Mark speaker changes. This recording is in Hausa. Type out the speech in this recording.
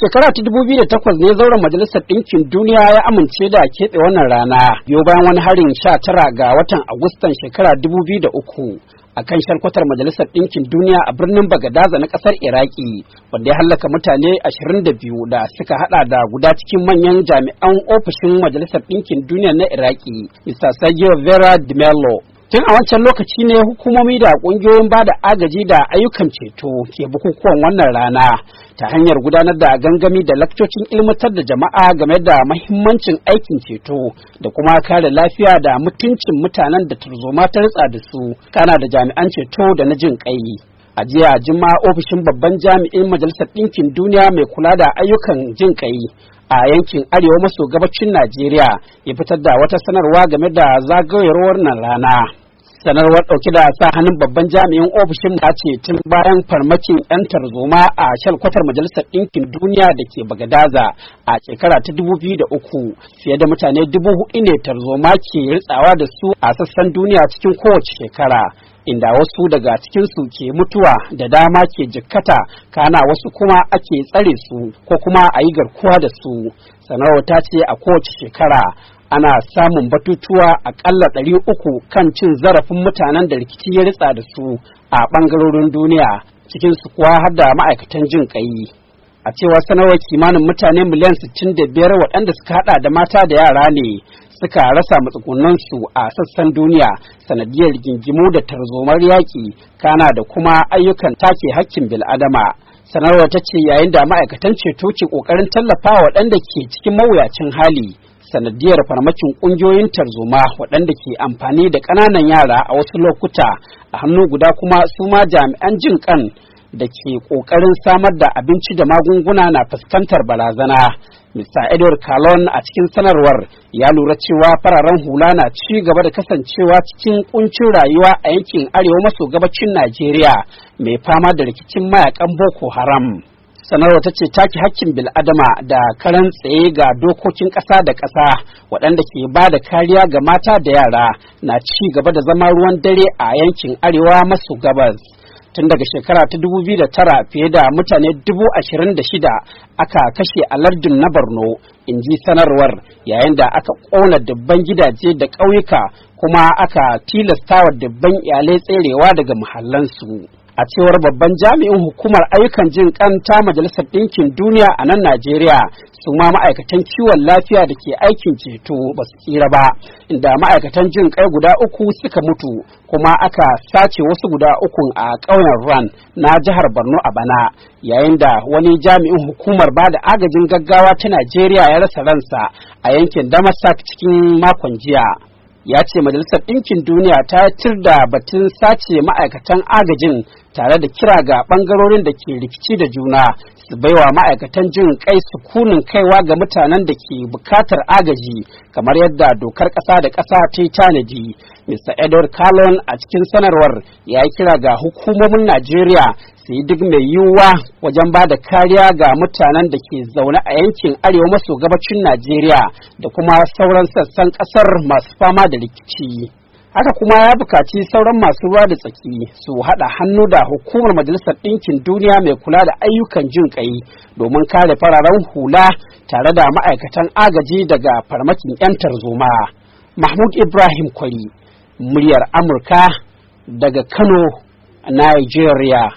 Speaker 1: shekara ta dubu biyu da takwas ne zauren majalisar ɗinkin duniya ya amince da keɓe wannan rana biyo bayan wani harin sha tara ga watan agustan shekara dubu biyu da uku a kan shalkwatar majalisar ɗinkin duniya a birnin bagadaza na ƙasar iraki wanda ya hallaka mutane ashirin da biyu da suka haɗa da guda cikin manyan jami'an ofishin majalisar ɗinkin duniya na iraki mr sergio vera de mello tun a wancan lokaci ne hukumomi da kungiyoyin ba da agaji da ayyukan ceto ke bukukuwan wannan rana ta hanyar gudanar da gangami da lakcocin ilmantar da jama'a game da mahimmancin aikin ceto da kuma kare lafiya da mutuncin mutanen da tarzoma ta ritsa da su kana da jami'an ceto da na jin kai a jiya jima'a ofishin babban jami'in majalisar ɗinkin duniya mai kula da ayyukan jin kai a yankin arewa maso gabacin najeriya ya fitar da wata sanarwa game da zagayowar nan rana sanarwar ɗauke da sa hannun babban jami'in ofishin da ce tun bayan farmakin 'yan tarzoma a shalkwatar majalisar ɗinkin duniya da ke bagadaza a shekara ta dubu biyu da uku, fiye da mutane dubu hudu ne tarzoma ke ritsawa da su a sassan duniya cikin kowace shekara inda wasu daga cikinsu ke mutuwa da dama ke jikkata kana wasu kuma ake tsare su ko kuma a yi garkuwa da su sanarwar ta ce a kowace shekara ana samun batutuwa akalla ɗari uku kan cin zarafin mutanen da rikici ya ritsa da su a ɓangarorin duniya cikin su kuwa har da ma'aikatan jin ƙai a cewa sanarwar kimanin mutane miliyan sittin da biyar waɗanda suka haɗa da mata da yara ne suka rasa matsugunansu a sassan duniya sanadiyar gingimu da tarzomar yaƙi kana da kuma ayyukan take hakkin bil'adama sanarwar ta ce yayin da ma'aikatan ceto ke ƙoƙarin tallafa waɗanda ke cikin mawuyacin hali sanadiyar farmakin ƙungiyoyin tarzoma waɗanda ke amfani da ƙananan yara a wasu lokuta a hannu guda kuma su ma jami'an jin kan da ke ƙoƙarin samar da abinci da magunguna na fuskantar barazana. Mr. Edward Kalon a cikin sanarwar ya lura cewa fararen hula na ci gaba da kasancewa cikin kuncin rayuwa a yankin arewa maso gabacin Najeriya mai fama da rikicin mayakan Boko Haram. sanarwa ta ce take hakkin bil'adama da karan tsaye ga dokokin ƙasa da ƙasa waɗanda ke ba da kariya ga mata da yara na ci gaba da zama ruwan dare a yankin arewa masu gabas tun daga shekara ta dubu biyu da tara fiye da mutane dubu ashirin da shida aka kashe a lardin na borno in ji sanarwar yayin da aka ƙona dubban gidaje da ƙauyuka kuma aka tilastawa dabban dubban iyalai tserewa daga muhallansu. a cewar babban jami'in hukumar ayyukan jin kan ta majalisar ɗinkin duniya a nan najeriya su ma ma'aikatan kiwon lafiya da ke aikin ceto ba su tsira ba inda ma'aikatan jin kai guda uku suka mutu kuma aka sace wasu guda uku a ƙauyen ran na jihar borno a bana yayin da wani jami'in hukumar ba da agajin gaggawa ta najeriya ya rasa ransa a yankin damasak cikin makon jiya ya ce majalisar ɗinkin duniya ta tir da batun sace ma'aikatan agajin tare da kira ga bangarorin da ke rikici da juna su baiwa ma'aikatan jin kai sukunin kaiwa ga mutanen da ke bukatar agaji kamar yadda dokar ƙasa da ƙasa ta yi tanadi mr edward Kalon a cikin sanarwar ya yi kira ga hukumomin najeriya su yi duk mai yiwuwa wajen ba da kariya ga mutanen da ke zaune a yankin arewa maso gabacin najeriya da kuma sauran sassan ƙasar masu fama da rikici haka kuma ya bukaci sauran masu ruwa da tsaki su haɗa hannu da hukumar majalisar ɗinkin duniya mai kula da ayyukan jin ƙai domin kare fararen hula tare da ma'aikatan agaji daga farmakin 'yan tarzoma mahmud ibrahim kwari muryar amurka daga kano nigeria